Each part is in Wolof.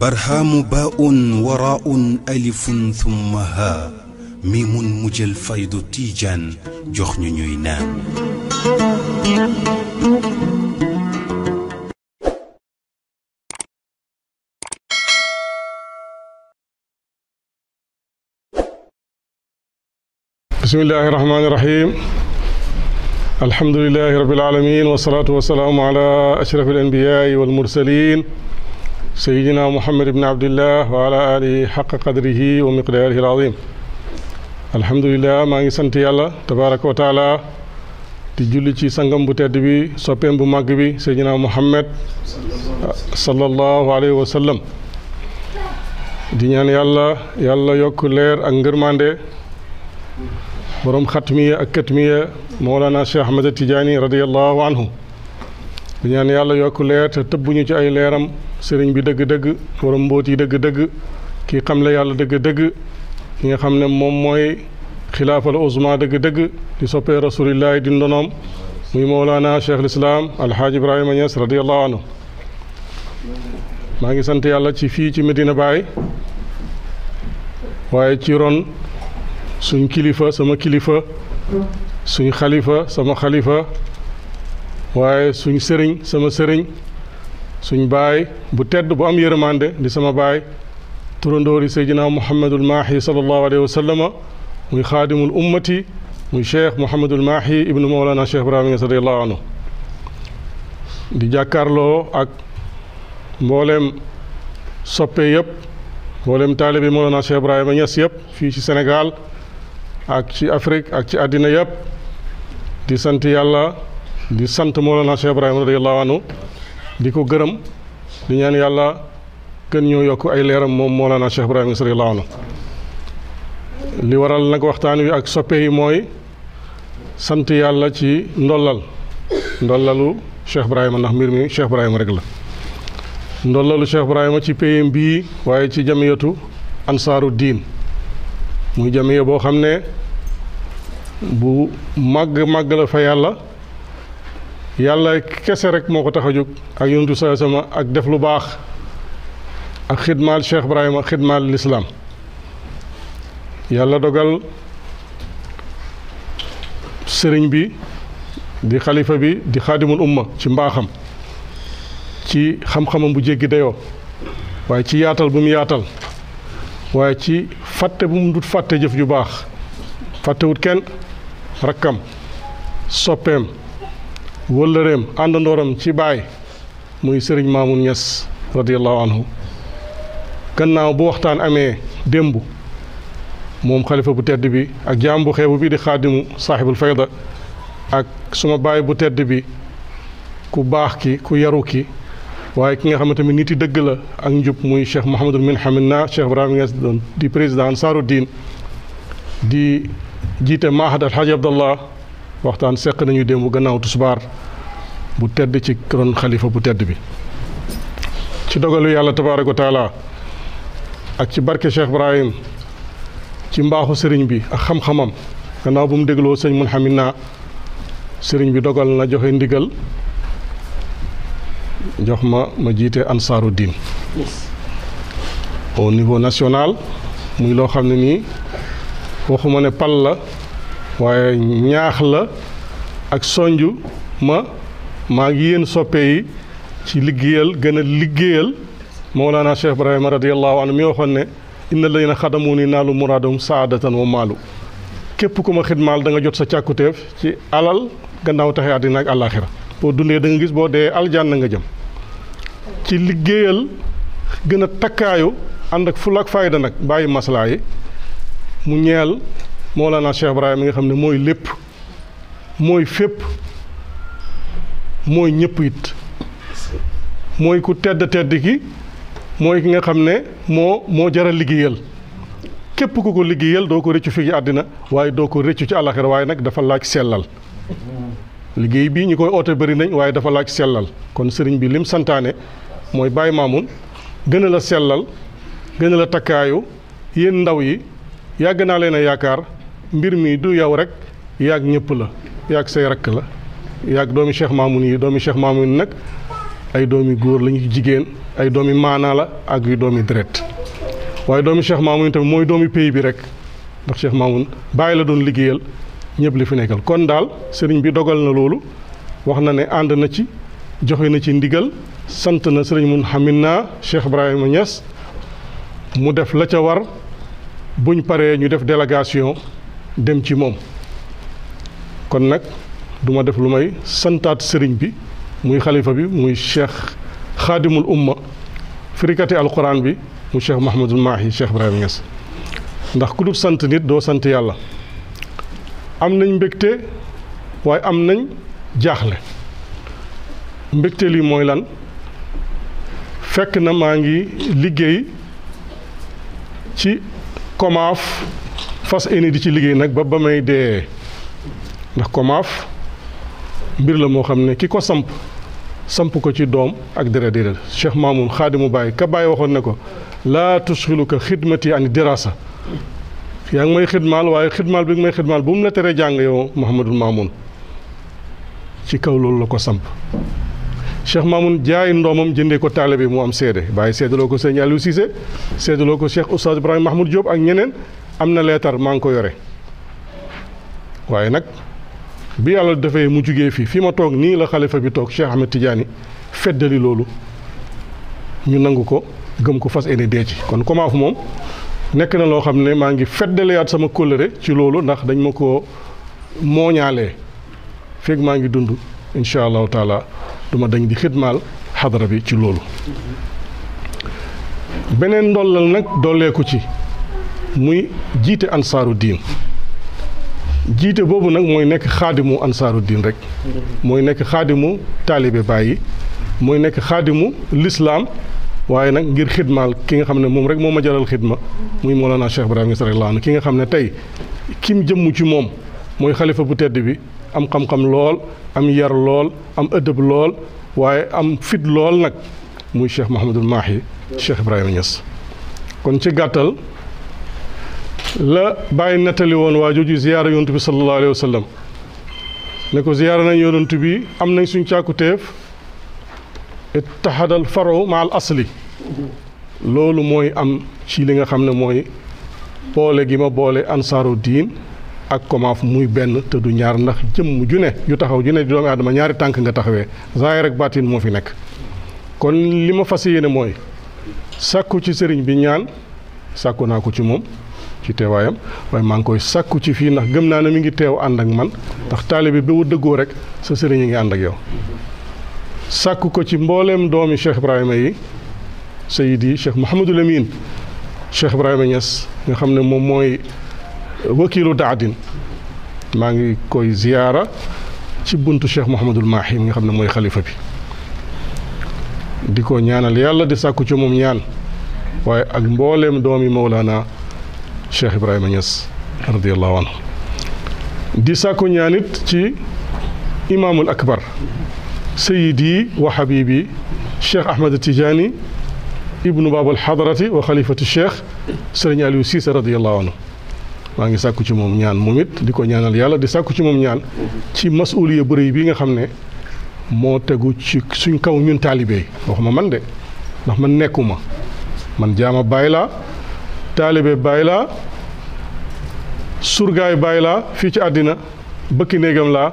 برهام باء وراء ألف ثم ها ميم مجل فيض تيجان جخن نينان بسم الله الرحمن الرحيم الحمد لله رب العالمين والصلاة والسلام على أشرف الأنبياء والمرسلين سيدنا محمد بن عبد الله وعلى آله حق قدره ومقداره العظيم الحمد لله ما ngi sant yalla tabarak wa taala di julli ci sangam bu tedd bi soppem bu mag bi sayyidina muhammad sallallahu alayhi wa sallam di ñaan yalla yalla yok leer ak ngeurmande borom khatmiya ak katmiya maulana cheikh ahmed tidiane radiyallahu anhu ñaan yàlla yokk leer te tëbbuñu ci ay leeram sëriñ bi dëgg-dëgg borom mbóot yi dëgg-dëgg ki xam la yàlla dëgg-dëgg ki nga xam ne moom mooy xilaafal usma dëgg-dëgg di soppee rasulillahi di ndonoom muy moolaana cheikh lislaam alxaaji ibrahima Niass radiallahu anhu maa ngi sant yàlla ci fii ci Medina Baye waaye ci ron suñ kilifa sama kilifa suñ xalifa sama xalifa waaye suñ sëriñ sama sëriñ suñ baay bu tedd bu am yërëmande di sama baay turandoori seydina muhammadul maahi sallallahu alayhi wa sallama muy xaadimul ummati muy cheikh muhammadul maahi ibnu mawlana cheikh ibrahima Niass radiallahu anhu di jàkkaarloo ak mboolem soppe yëpp mboolem taalibi mawlana cheikh ibrahima Niass yëpp fii ci Sénégal ak ci Afrique ak ci àddina yëpp di sant yàlla di sant Mawlana Cheikh Ibrahima radiyallahu anhu di ko gërëm di ñaan yàlla gën ñoo yokk ay leeram moom Mawlana Cheikh Ibrahima radiyallahu anhu li waral nag waxtaan wi ak soppe yi mooy sant yàlla ci ndollal ndollalu Cheikh Ibrahima ndax mbir mi Cheikh Ibrahima rek la ndollalu Cheikh Ibrahima ci payam bii waaye ci jamiyatu ansaaru diin muy jamiya boo xam ne bu màgg màgg la fa yàlla yàlla kese rek moo ko tax a jóg ak yontu saa sama ak def lu baax ak xidmaal Cheikh Ibrahima xidmaal lislaam yàlla dogal sëriñ bi di xalifa bi di xaadimul umma ci mbaaxam ci xam-xamam bu jéggi dayoo waaye ci yaatal bu mu yaatal waaye ci fàtte bu mu dut fàtte jëf ju baax fàttewut kenn rakkam soppeem wëllëreem àndandooram ci baay muy sëriñ Mamoun Niass radiyallahu anhu gannaaw bu waxtaan amee démb moom xalifa bu tedd bi ak jaam bu xeebu bi di xaadimu saaxibul fayda ak suma baay bu tedd bi ku baax ki ku yaru ki waaye ki nga xamante ni nit yi dëgg la ak njub muy cheikh Mouhamadul Minhamin na cheikh Ibrahima Niass di président Ansaru Diin di jiite Mahad Alhaji Abdallah waxtaan seq nañu démb gannaaw tisbaar bu tedd ci ron xalifa bu tedd bi ci dogalu yàlla tabaaraka wa ak ci barke Cheikh Ibrahim ci mbaaxu sëriñ bi ak xam-xamam gannaaw bu mu dégloo sëñ mun xamit naa sëriñ bi dogal na joxe ndigal jox ma ma jiite ansaaru diin au niveau national muy loo xam ne nii waxuma ne pal la waaye ñaax la ak sonju ma maa ngi yéen soppe yi ci liggéeyal gën a liggéeyal Mawlana Cheikh Ibrahima radiyallahu anhu mi waxoon ne inna ladina xadamu ni naalu muraadum saadatan wa maalu képp ku ma xidmaal da nga jot sa càkkutéef ci alal gannaaw taxe àddina ak àllaaxira boo dundee da gis boo dee aljanna nga jëm ci liggéeyal gën a takkaayu ànd ak ful ak nag bàyyi maslaa yi mu ñeel Mawlana Cheikh Ibrahima mi nga xam ne mooy lépp mooy fépp mooy ñëpp it mooy ku tedd tedd ki mooy ki nga xam ne moo moo jaral liggéeyal képp ku ko liggéeyal doo ko rëccu fii ci àddina waaye doo ko rëccu ci àllaxira waaye nag dafa laaj sellal liggéey bii ñu koy oote bari nañ waaye dafa laaj sellal kon sëriñ bi lim santaane mooy Baye Mamoun gënal a la sellal gën a la takkaayu yéen ndaw yi yàgg naa leen a yaakaar mbir mi du yow rek yaag ñëpp la yaag say rakk la yaag doomi Cheikh Mamoun yi doomi Cheikh Mamoun nag ay doomi góor lañu ñu jigéen ay doomi maanaa la ak yu doomi dret waaye doomi Cheikh Mamoun tamit mooy doomi pays bi rek ndax Cheikh Mamoun bàyyi la doon liggéeyal ñëpp li fi nekkal kon daal sëriñ bi dogal na loolu wax na ne ànd na ci joxe na ci ndigal sant na sëriñ mun xamin Cheikh Ibrahima Niass mu def la ca war buñ paree ñu def délégation dem ci moom kon nag duma def lu may santaat sëriñ bi muy xalifa bi muy cheikh xaadimul umma firikati alquran bi mu cheikh Mahamadul Mahi cheikh Ibrahima Niass ndax ku sant nit doo sant yàlla am nañ mbégte waaye am nañ jaaxle mbégte lii mooy lan fekk na maa ngi liggéey ci komaaf fas yéene di ci liggéey nag ba ba may dee ndax komaaf mbir la moo xam ne ki ko samp samp ko ci doom ak dara dara Cheikh Mamoun mu Baye ka Baye waxoon ne ko laa tusxiluka xidmati ani dirasa yaa ngi may xidmaal waaye xidmaal bi nga may xidmaal bu mu la teree jàng yow Mouhamadul Mamoun ci kaw loolu la ko samp Cheikh Mamoun jaay ndoomam jëndee ko taalibe bi mu am seede bàyyi seedaloo ko sëñ Aliou Cissé seedaloo ko Cheikh Oustaz Ibrahima Mahmoud Diop ak ñeneen am na leetar maa ngi ko yore waaye nag bi yàlla dafay mu jugee fii fi ma toog nii la xalifa bi toog Cheikh Ahmed Tidiane feddali loolu ñu nangu ko gëm ko fas yéene dee ci kon Komaaf moom nekk na loo xam ne maa ngi feddaliyaat sama kóllëre ci loolu ndax dañ ma ko mooñaalee feeg maa ngi dund incha allahu taala duma dañ di xidmal hadra bi ci lolu benen beneen nak dolé ko ci muy jité ansaruddin jité bobu nak moy nek khadimu ansaruddin rek moy nek khadimu talibé bàyyi moy nek khadimu l'islam waye nak ngir xidmal ki nga xamné mom rek moma jaral xidma muy Mawlana Cheikh Ibrahima Niass radiyallahu anhu ki nga xamné tay kim jëm ci mom moy khalifa bu tedd bi am xam-xam lool am yar lool am ëddëb lool waaye am fit lool nag muy Cheikh Mahamadul Mahi Cheikh Ibrahima Niass kon ci gàttal la bàyyi nettali woon waa jooju ziyaara yontu bi sallallahu alayhi ne ko ziyaara nañ yonantu bi am nañ suñ càkkutéef ittahadal faro ma al asli loolu mooy am ci li nga xam ne mooy boole gi ma boole ansaaru diin ak komaaf muy benn te du ñaar ndax jëmm ju ne ju taxaw ju ne di doomu aadama ñaari tànk nga taxawee zaahir rek baatin moo fi nekk kon li ma fas yéene mooy sàkku ci sëriñ bi ñaan sàkku naa ko ci moom ci teewaayam waaye maa ngi koy sàkku ci fii ndax gëm naa ne mi ngi teew ànd ak man ndax taalibe bi bu dëggoo rek sa sëriñ a ngi ànd ak yow sàkku ko ci mbooleem doomi Cheikh Ibrahima yi sayid yi Cheikh Mouhamadul Amin Cheikh Ibrahima Niass nga xam ne moom mooy wakiilu daadin maa ngi koy ziyaara ci buntu cheikh Mouhamadul Mahi mi nga xam ne mooy xalifa bi di ko ñaanal yàlla di sàkku ci moom ñaan waaye ak mbooleem doomi Mawlana cheikh Ibrahima Niass radiallahu anhu di ñaanit ci imaamul akbar sayidi wa habibi cheikh Ahmed Tidiane ibnu baabul hadarati wa xalifatu cheikh Serigne Aliou Cissé radiallahu anhu maa ngi sàkku ci moom ñaan moom it di ko ñaanal yàlla di sàkku ci moom ñaan ci masuuliya bëri bi nga xam ne moo tegu ci suñ kaw ñun taalibe ma man de ndax man nekkuma man jaama bàyyi laa taalibe bàyyi laa surgaay bàyyi laa fii ci àddina bëkki néegam laa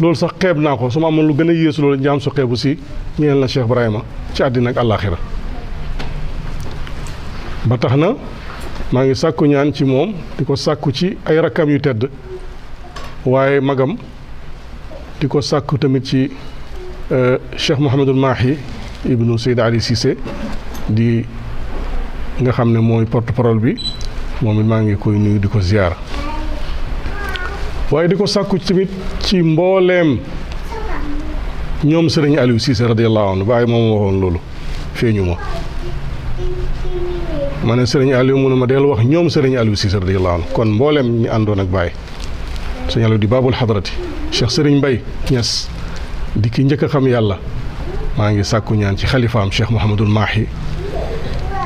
loolu sax xeeb naa ko su ma amoon lu gën a yéesu loolu njaam su xeebu si ñeel na Cheikh ma ci àddina ak àllaaxira ba tax na maa ngi sàkku ñaan ci moom di ko sàkku ci ay rakkam yu tedd waaye magam di ko sàkku tamit ci euh, Cheikh Mouhamadul Mahi ibnu Seyd Ali Cissé di nga xam ne mooy porte parole bi moom it maa ngi koy nuyu di ko ziyaar waaye di ko sàkku tamit ci mbooleem ñoom sëriñ Aliou Cissé radiyallahu anhu bàyyi moom waxoon loolu feeñu ma ma serigne Aliou mënu ma del wax ñom serigne Aliou Cissé radiyallahu allah kon mbollem ñi àndoon ak Baye serigne Aliou di Babul Hadrati Cheikh serigne bay ñess di ki ñëk xam yalla ma ngi sakku ñaan ci xalifaam Cheikh Mouhamadul Mahi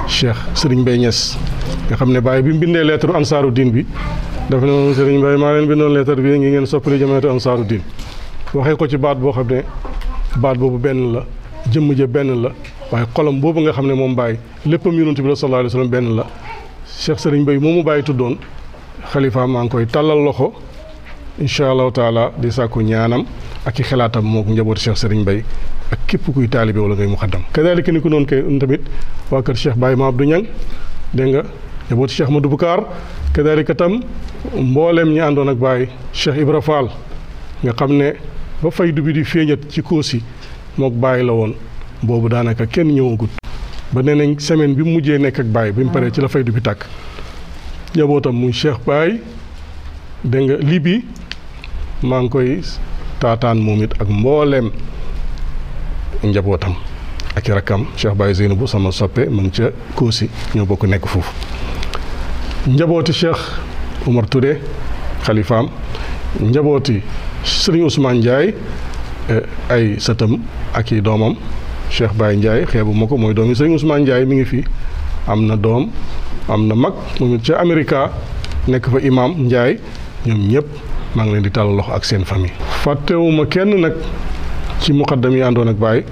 Cheikh serigne bay ñess nga xamne ne Baye bi mbinde lettre ansaruddin bi dafa ne serigne bay ma maa leen bindoon lettre bi ngi ngeen soppali jamaatu ansaruddin waxe ko ci baat bo xamne baat boobu ben la jëm je ben la waye xolam bobu nga xamne mom bay leppam yunus bi sallallahu alaihi wasallam ben la cheikh serigne bay momu bay tudon khalifa maa koy talal loxo inshallah taala di sàkku ñaanam ak i xalaatam mook cheikh serigne bay ak kep kuy taalibe wala ngay muqaddam kadalika ni ko non kay tamit wa keur cheikh bay ma abdou ñang de nga njabooti cheikh madou bukar kadalika tam mbollem ñi andon ak bay cheikh ibra fall nga xamne ba faydu bi di feñat ci kosi mok bay la won boobu daanaka kenn ñewugut ba neneñ semaine bi mujjé nek ak bay biñu paré ci la faydu bi tak jabotam mu cheikh bay de nga libi bi koy tatane momit ak mbollem njabotam ak rakam cheikh bay zeynabu sama soppe ma ngi ca koosi ñoo bokk nek fofu njaboti cheikh omar touré xalifaam njaboti serigne ousmane ndiaye eh, ay satam ak domam Cheikh Baye Ndiaye xeebu ma ko mooy doom doomi Serigne Ousmane Ndiaye mi ngi fi am na doom am na mag moom ca Amerika nekk fa imam Ndiaye ñoom ñëpp maa ngi leen di tàllal loxo ak seen famille. fàttewuma kenn nag ci muqaddam yi àndoon ak Baye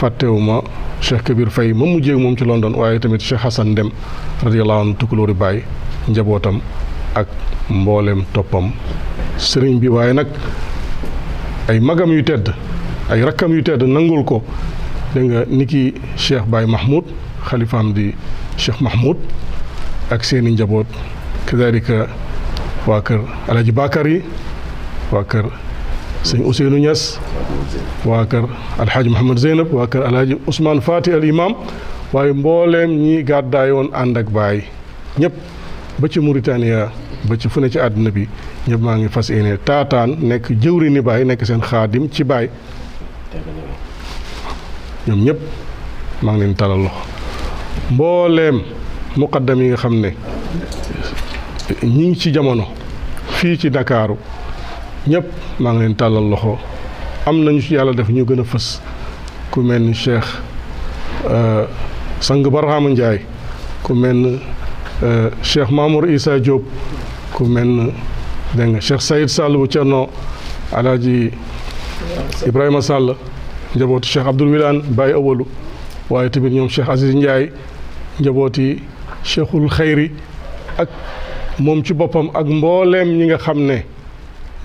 fàttewuma Cheikh Kabir Faye ma mujjee moom ci London waaye tamit Cheikh Hassan Dem radiyallahu anhu tukulóori Baye njabootam ak mboolem toppam sëriñ bi waaye nag ay magam yu tedd. ay rakkam yu tedd nangul ko dégg nga ni ki Cheikh Baye Mahmoud xalifaam di Cheikh Mahmoud ak seeni njaboot kadalika waa kër Alaaji Bakar yi waa kër sëñ Ousseynou Niass waa kër Alxaaji Mouhamad Zeynab waa kër Alaaji Ousmane Fati al imam waaye mbooleem ñi gàddaayoon ànd ak baay ñëpp ba ci Mauritania ba ci fu ne ci àddina bi ñëpp maa ngi fas yéene taataan nekk jëwri ni baay nekk seen xaadim ci baay ñoom ñëpp maa ngi leen talal loxo mbooleem muqaddam yi nga xam ne ñi ngi ci jamono fii ci ndakaaru ñëpp maa ngi leen tàllal loxo am nañu ci yàlla def ñu gën a fës ku mel ni cheikh euh, sang barhama ndiaye ku mel ni euh, cheikh mamour isa ku mel ni dégg nga cheikh sayid sall bu cerno Ibrahima Sall njabooti Cheikh Abdoul Wilane Baye Awalu waaye tamit ñoom Cheikh Aziz Ndiaye njabooti Cheikhul Xayri ak moom ci boppam ak mbooleem ñi nga xam ne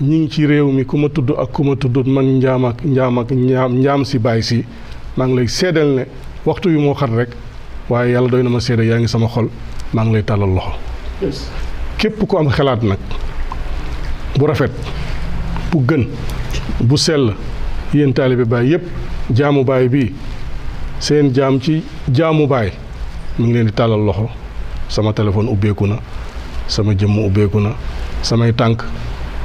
ñi ngi ci réew mi ku ma tudd ak ku ma tuddut man njaam ak njaam ak njaam si baay si maa ngi lay seddal ne waxtu yi moo xat rek waaye yàlla doy na ma seede yaa ngi sama xol maa ngi lay tàllal loxo képp ku am xalaat nag bu rafet bu gën bu sell yéen taalibe baay yëpp jaamu baay bi seen jaam ci jaamu baay mi ngi leen di tàllal loxo sama téléphone ubbeeku na sama jëmm ubbeeku na samay tànk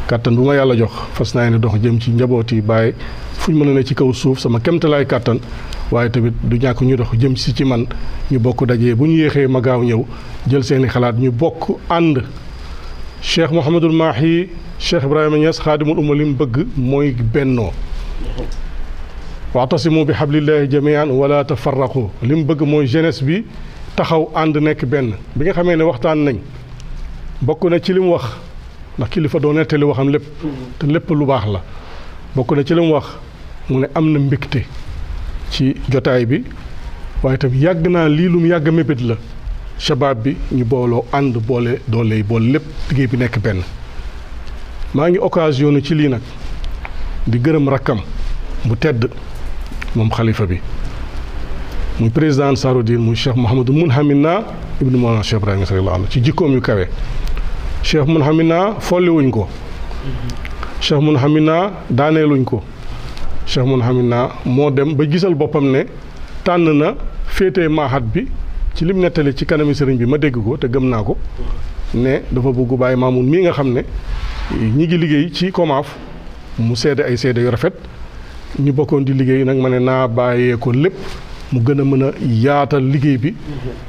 kàttan bu ma yàlla jox fas naa ne dox jëm ci njaboot yi baay fu ñu mën na ne ci kaw suuf sama kemtalaay kàttan waaye tamit du ñàkk ñu dox jëm ci ci man ñu bokk dajee bu ñu yéexee ma gaaw ñëw jël seeni xalaat ñu bokk ànd Cheikh Mouhamadul Mahi Cheikh Ibrahima Niass xaadimul umma li mu bëgg mooy bennoo waatasimu bi xablillahi jamian wala tafarraqu li mu bëgg mooy genes bi taxaw ànd nekk benn bi nga xamee ne waxtaan nañ bokk na ci li mu wax ndax kilifa doo nettali waxam lépp te lépp lu baax la bokk na ci li wax mu ne am na mbégte ci jotaay bi waaye tam yàgg naa lii lu mu yàgg mébét la shabaab bi ñu booloo ànd boole doole yi boole lépp liggéey bi nekk benn maa ngi occasionné ci lii nag di gërëm rakam bu tedd mom khalifa bi muy president saroudin Ansaarud-Din muy cheikh mohammed munhamina ibnu Mawlana Cheikh ibrahim sallallahu anhu ci jikom yu kawe cheikh folé wuñ ko cheikh Mounhamina luñ ko cheikh munhamina mo dem ba gisal bopam ne tan na fété mahad bi ci lim netalé ci kanami serigne bi ma dégg ko te gëm naa ko ne dafa bëgg baye mamoun mi nga xamné ñi ngi liggéey ci komaaf mu seede ay seede yu rafet ñu bokkoon di liggéey nag ma ne naa bàyyee ko lépp mu gën a mën a yaatal liggéey bi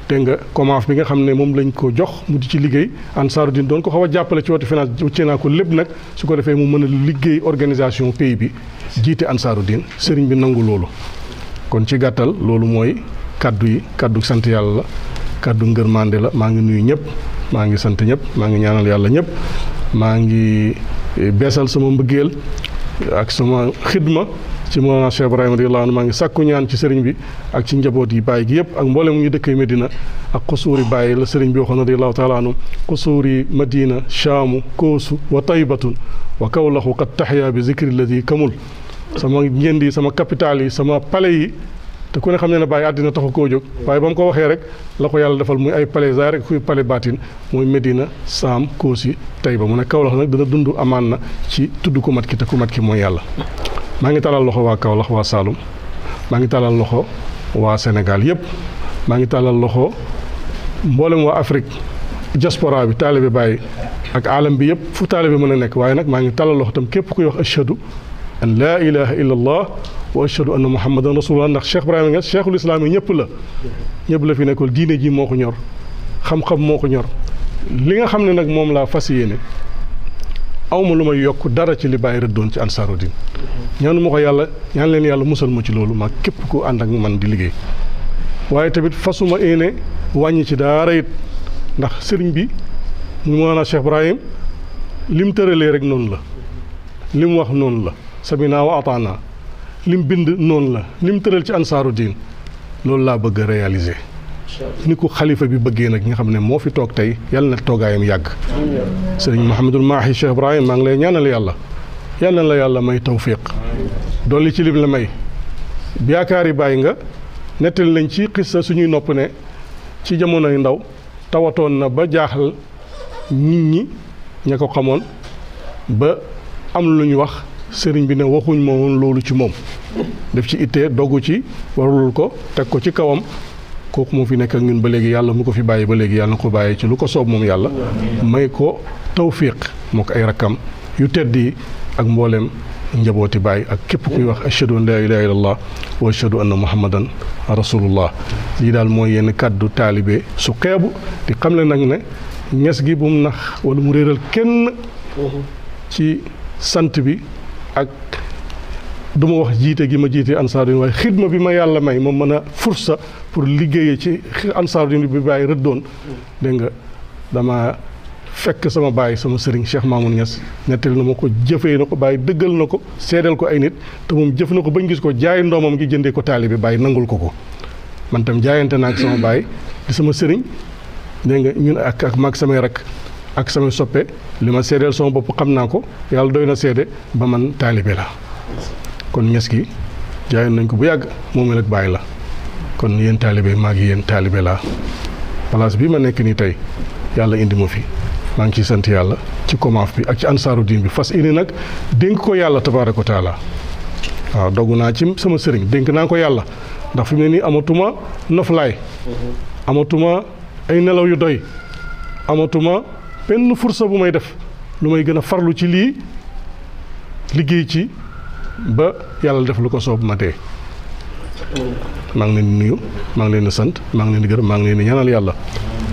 te nga commence bi nga xam ne moom lañ ko jox mu di ci liggéey Ansaarud-Din doon ko xaw a jàppale ci wàllu finance wàcce naa ko lépp nag su ko defee mu mën a liggéey organisation pays bi jiite Ansaarud-Din sëriñ bi nangu loolu kon ci gàttal loolu mooy kàddu yi kàddu sant yàlla la kaddu ngërmande la maa ngi nuyu ñëpp maa ngi sant ñëpp maa ngi ñaanal yàlla ñëpp beesal sama mbëggeel ak sama xidma ci Mawlana Cheikh Ibrahima radiyallahu maa ngi sàkku ñaan ci sëriñ bi ak ci njaboot yi bàyyi gi yëpp ak mboole mboolem ñu dëkkee Medina ak xusuuri bàyyi la sëriñ bi waxoon radiyallahu taala anhu xusuuri Madina Chaamu Koosu wa Taybatun wa Kawlaxu qad taxya bi zikri alladi kamul sama njënd yi sama capital yi sama palais yi ku ne xam ne ne àddina taxu koo jóg waaye ba mu ko waxee rek la ko yàlla defal muy ay palais zaahir rek kuy palais batine muy Medina Saam Koosi Tayba mu ne Kawlax nag dana dund amaan na ci tudd ku mat ki te ku mat ki mooy yàlla maa ngi talal loxo waa Kawlax waa Saalum maa ngi talal loxo waa Sénégal yëpp maa ngi talal loxo mboolem waa Afrique diaspora bi taalibe Baay ak alam bi yëpp fu taalibe mën a nekk waaye nag maa ngi talal loxo tam képp kuy wax ashadu an laa ilaha illa allah wa ashhadu anna ndax Cheikh Ibrahima nga cheikhul islam yi ñëpp la ñëpp la fi nekkul diine ji moo ko ñor xam-xam moo ko ñor li nga xam ne nag moom laa fas yéene awma lu may yokk dara ci li bàyyi doon ci ansaaru din ñaanu ma ko yàlla ñaan leen yàlla musal ma ci loolu maa képp ku ànd ak man di liggéey waaye tamit fasuma yéene wàññi ci daara it ndax sëriñ bi mu maanaam Cheikh Ibrahim lim tëralee rek noonu la lim wax noonu la samina wa ataana lim bind noonu la lim tëral ci ansaaru diin loolu laa bëgg a réaliser ni ko xalifa bi bëggee nag nga xam ne moo fi toog tey yàlla na toogaayam yàgg sëriñ Mouhamadul Mahi Cheikh Ibrahim maa lay ñaanal yàlla yàlla la yàlla may tawfiq dolli ci lim la may yaakaar yi bàyyi nga nettali nañ ci xissa suñuy nopp ne ci jamonoy ndaw tawatoon na ba jaaxal nit ñi ña ko xamoon ba am lu ñu wax sëriñ bi ne waxuñ ma woon loolu ci moom def ci ittee dogu ci warul ko teg ko ci kawam kooku moo fi nekk ak ñun ba léegi yàlla mu ko fi bàyyi ba léegi yàlla na ko bàyyi ci lu ko soob moom yàlla may ko tawfiq moo ko ay rakkam yu tedd yi ak mbooleem njabooti bàyyi ak képp kuy wax ashhadu an laa ilaaha illallah wa ashhadu anna muhammadan rasulullah lii daal mooy yenn kàddu taalibe su xeebu di xam xamle nag ne ñes gi bu mu nax wala mu réeral kenn ci sant bi ak du ma wax jiite gi ma jiite Ansaarudin waaye xidma bi ma yàlla may ma mën a fursa pour liggéeye ci Ansaarudin bi bàyyi rëddoon dégg nga dama fekk sama baay sama sëriñ Cheikh Mamoun Niass nettali na ma ko jëfee na ko bàyyi dëggal na ko seedal ko ay nit te moom jëf na ko bañ gis ko jaay ndoomam gi jëndee ko taali bi bàyyi nangul ko ko man tam jaayante naa ak sama baay di sama sëriñ dégg nga ñun ak ak maag samay rak ak sama soppe li ma seedeel sama bopp xam naa ko yàlla doy na seede ba man taalibe la kon ñes ki jaayoon nañ ko bu yàgg moomeel ak bàyyi la kon yéen taalibe maa ngi yéen taalibe laa place bi ma nekk nii tey yàlla indi ma fi maa ngi ciy sant yàlla ci commence bi ak ci ansaaru diin bi fas ini nag dénk ko yàlla tabaaraka taala waaw dogu naa ci sama sëriñ dénk naa ko yàlla ndax fi mu ne nii amatuma noflaay mhm. amatuma ay nelaw yu doy benn fursa bu may def lu may gën a farlu ci lii liggéey ci ba yàlla def lu ko soob ma dee maa ngi ni nuyu maa ngi leen sant maa ngi leen di gërëm maa ngi leen di yàlla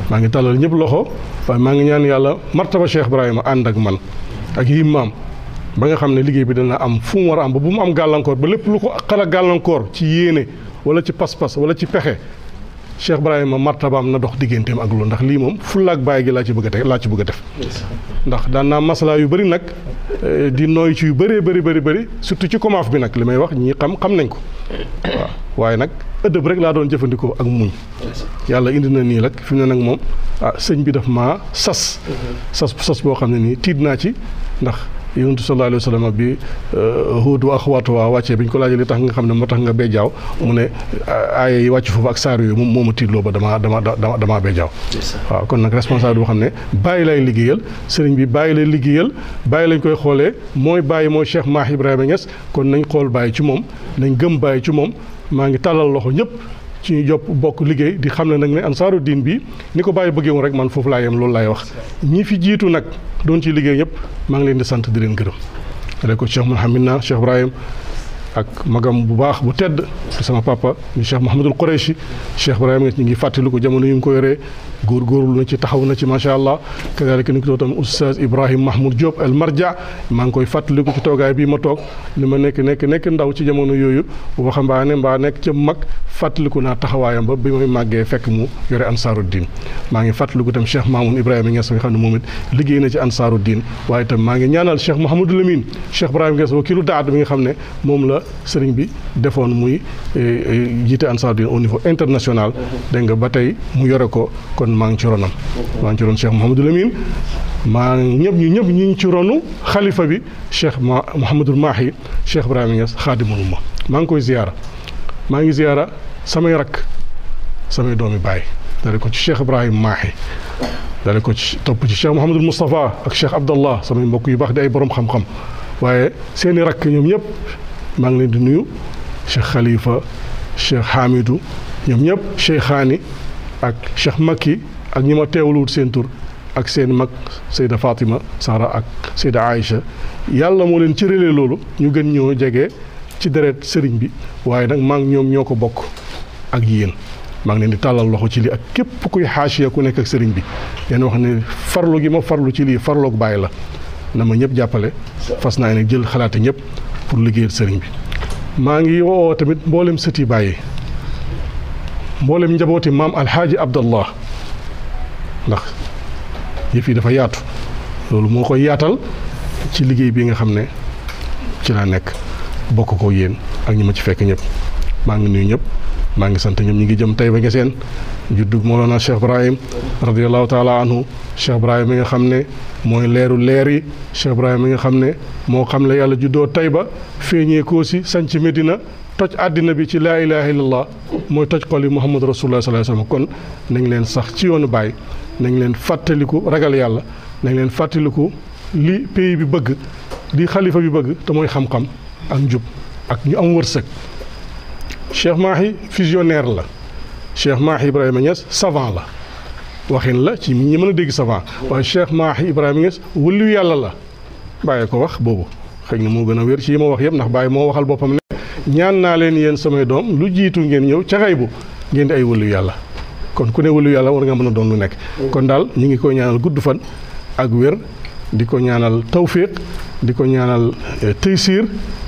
maa ngi tàllal ñëpp loxo waaye maa ngi ñaan yàlla martaba Cheikh Ibrahima ànd ak man ak yi maam ba nga xam ne liggéey bi dana am fu mu war a am ba bu mu am gàllankoor ba lépp lu ko xala gàllankoor ci yéene wala ci pas-pas wala ci pexe Cheikh Ibrahima martabaam na dox digganteem ak loolu ndax lii moom fullaak bàyyi gi laa ci bëgg a teg laa def ndax daan naa maslaa yu bëri nag eh, di nooy ci yu bëree bari bëri bëri surtout ci komaaf bi nag li may wax ñii xam xam nañ ko waaw waaye nag ëddëb rek laa doon jëfandikoo ak muñ yàlla indi na nii rek fi mu ne nag moom ah sëñ bi daf maa sas mm-hmm. sas sas boo xam ne nii tiit naa ci ndax yonent sallallahu alayhi wa sallam bi Huud euh, wa axwaatuhaa wàccee bi ñu ko laajee li tax nga xam ne moo tax nga bee jaaw mu ne euh, aaya yi wàcc foofu ak saar yooyu moom moo ma tiitloo ba damaa dama dama damaa bee jaaw waaw kon nag responsable boo xam ne bàyyi lay liggéeyal sëriñ bi bàyyi lay liggéeyal bàyyi lañ koy xoolee mooy bàyyi mooy Cheikh Mahi Ibrahima Niass kon nañ xool bàyyi ci moom nañ gëm bàyyi ci moom maa ngi tàllal loxo ñëpp ci ñu jopp bokk liggéey di xam ne nag ne ansaaru diin bi ni ko bàyyi bëggee woon rek man foofu laa yem loolu laay wax ñi fi jiitu nag doon ci liggéey ñëpp maa ngi leen di sant di leen gërëm. aleykum Cheikh Mouhamed na Cheikh Ibrahim ak magam bu baax bu tedd sama papa di Cheikh Mahamadul Qurayshi Cheikh Ibrahima ñu ngi fàttali ko jamono yi mu ko yoree góorgóorlu na ci taxaw na ci macha allah kadalika ni ko tam oustaz Ibrahim Mahmoud Diop El Marja maa ngi koy fàttaliku ci toogaay bii ma toog li ma nekk nekk nekk ndaw ci jamono yooyu waxambaane mbaa nekk ca mag fàttaliku naa taxawaayam ba bi may màggee fekk mu yore ansaaru diin maa ngi fàttaliku tam Cheikh Mamoun Ibrahima Niass nga xam ne moom it liggéey na ci ansaaru diin waaye itam maa ngi ñaanal Cheikh Mouhamadou Lamine bi nga xam ne moom la serigne bi defone muy jité Ansaarud-Din au niveau international de nga batay mu yore ko kon ma ngi ci ronam ma ngi ci ron Cheikh Mouhamadou Lamine ma ñëpp ñu ñëpp ñi ci ronu khalifa bi Cheikh Mouhamadul Mahi Cheikh ibrahim Niass khadimul umma ma ngi koy ziyaara ma ngi ziyaara samay rakk samay doomi bay dale ko ci Cheikh ibrahim Mahi dale ko ci top ci Cheikh Mouhamadul mustafa ak Cheikh Abdallah samay mbokk yu bax day borom xam-xam waye seeni rak ñom ñëpp maa ngi leen di nuyu Cheikh Khalifa Cheikh Hamidou ñoom ñëpp Cheikh Khani ak Cheikh Makki ak ñu ma teewluwut seen tur ak seen mag Seyda faatima saara ak Seyda Aïcha yàlla moo leen cëralee loolu ñu gën ñoo jege ci deret sëriñ bi waaye nag maa ngi ñoom ñoo ko bokk ak yéen maa ngi leen di tàllal loxo ci lii ak képp kuy xaasiya ku nekk ak sëriñ bi leen wax ne farlu gi ma farlu ci lii farloog bàyyi la na ma ñëpp jàppale fas naa ne jël xalaati ñëpp pour liggéeyal sëriñ bi maa ngi woo tamit mboolem sëti bàyyi mboolem njabooti maam alxaaji abdallah ndax yëf yi dafa yaatu loolu moo koy yaatal ci liggéey bi nga xam ne ci laa nekk bokk ko yéen ak ñu ma ci fekk ñëpp maa ngi nuyu ñëpp maa ngi sant ñoom ñi ngi jëm tey ba ngeseen juddug Mawlana Cheikh Ibrahim radiallahu taala anhu Cheikh Ibrahim mi nga xam ne mooy leeru leer yi Cheikh Ibrahim mi nga xam ne moo xam la yàlla juddoo Tayba feeñee Koosi sanc Medina toj àddina bi ci laa ilaha illallah mooy toj xol yi Muhammad rasulullah sallallahu alayhi wasallam kon nañ leen sax ci yoonu Baay nañ leen fàttaliku ragal yàlla nañ leen fàttaliku li pays bi bëgg li xalifa bi bëgg te mooy xam-xam ak njub ak ñu am wërsëg Cheikh Mahi visionnaire la Cheikh Mahi Ibrahima Niass savant la waxin la ci ñi mën a dégg savant waaye Cheikh Mahi Ibrahima Niass wëllu yàlla la bàyyi ko wax boobu xëy na moo gën a wér ci yi ma wax yëpp ndax bàyyi moo waxal boppam ne ñaan naa leen yéen samay doom lu jiitu ngeen ñëw ca xay bu ngeen di ay wëllu yàlla kon ku ne wëllu yàlla war nga mën a doon lu nekk kon daal ñu ngi koy ñaanal gudd fan ak wér diko ñaanal tawfiq diko ñaanal eh, teysir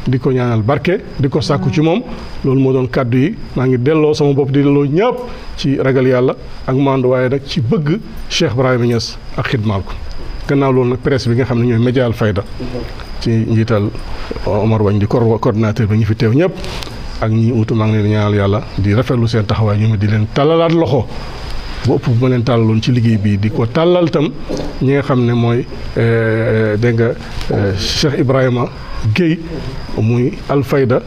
diko ñaanal barke diko sakku ci mom loolu mo doon kaddu yi ma ngi dello sama bop di lo ñepp ci ragal yalla ak mandu waye nak ci bëgg cheikh ibrahim niass ak xidmaal ko gannaaw loolu nak presse bi nga xamni ñoy al fayda ci njital omar wagn di coordinateur bi ñi fi tew ñepp ak ñi utu ma ngi ñaanal yalla di rafetlu seen taxaway ñu di len talalat loxo bu ëpp bu ma leen tàllaloon ci liggéey bii di ko tàllal tam ñi nga xam ne mooy euh, euh, dégg nga euh, Cheikh Ibrahima géey muy Alfayda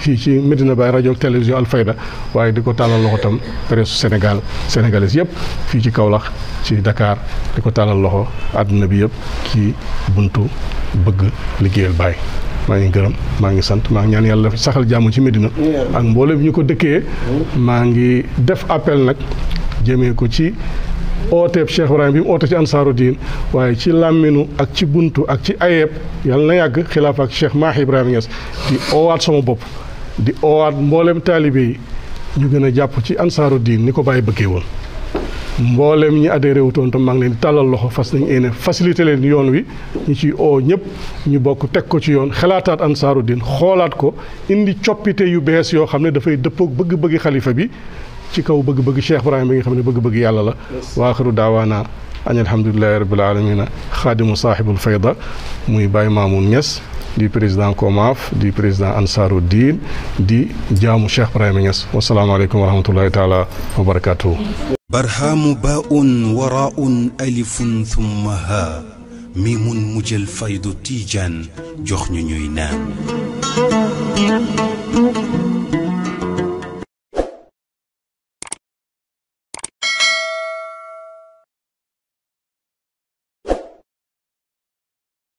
fii ci Medina Baye rajo ak Alfayda waaye di ko tàllal loxo tam presse Sénégal sénégalais yëpp fii ci Kaolack ci dakaar di ko tàllal loxo àdduna bi yëpp ci buntu bëgg liggéeyal Baye. maa ngi gërëm maa ngi sant maa ngi ñaan yàlla saxal jàmm ci Medina. ak bi ñu ko dëkkee. Mm-hmm. maa ngi def appel nag jëmee ko ci ooteeb Cheikh Ibrahim bi mu oote ci ansaaru diin waaye ci làmminu ak ci bunt ak ci ayeeb yàlla na yàgg xilaaf ak Cheikh Mahi Ibrahima Niass di oowaat sama bopp di oowaat mboolem taalibe yi ñu gën a jàpp ci ansaaru diin ni ko bàyyi bëggee woon mboolem ñi adhéré wutoon tam maa ngi leen di tàllal loxo fas nañu yéene facilité leen yoon wi ñu ciy oo ñëpp ñu bokk teg ko ci yoon xalaataat ansaaru diin xoolaat ko indi coppite yu bees yoo xam ne dafay dëppoog bëgg-bëggi xalifa bi ci kaw bëgg-bëgg Cheikh ibrahim bi nga xamne bëgg-bëgg yàlla la wa akhiru dawana an alhamdulilahi rabbil alamina xaadimu saahibul fayda muy bay Mamoun ness di président komaf di président Ansaru di jamu Cheikh ibrahim ness wa salam alaykum wa rahmatullahi taala wa barakatuh برهام باء وراء ألف ثم ها ميم مجل فيض تيجان جخن ñu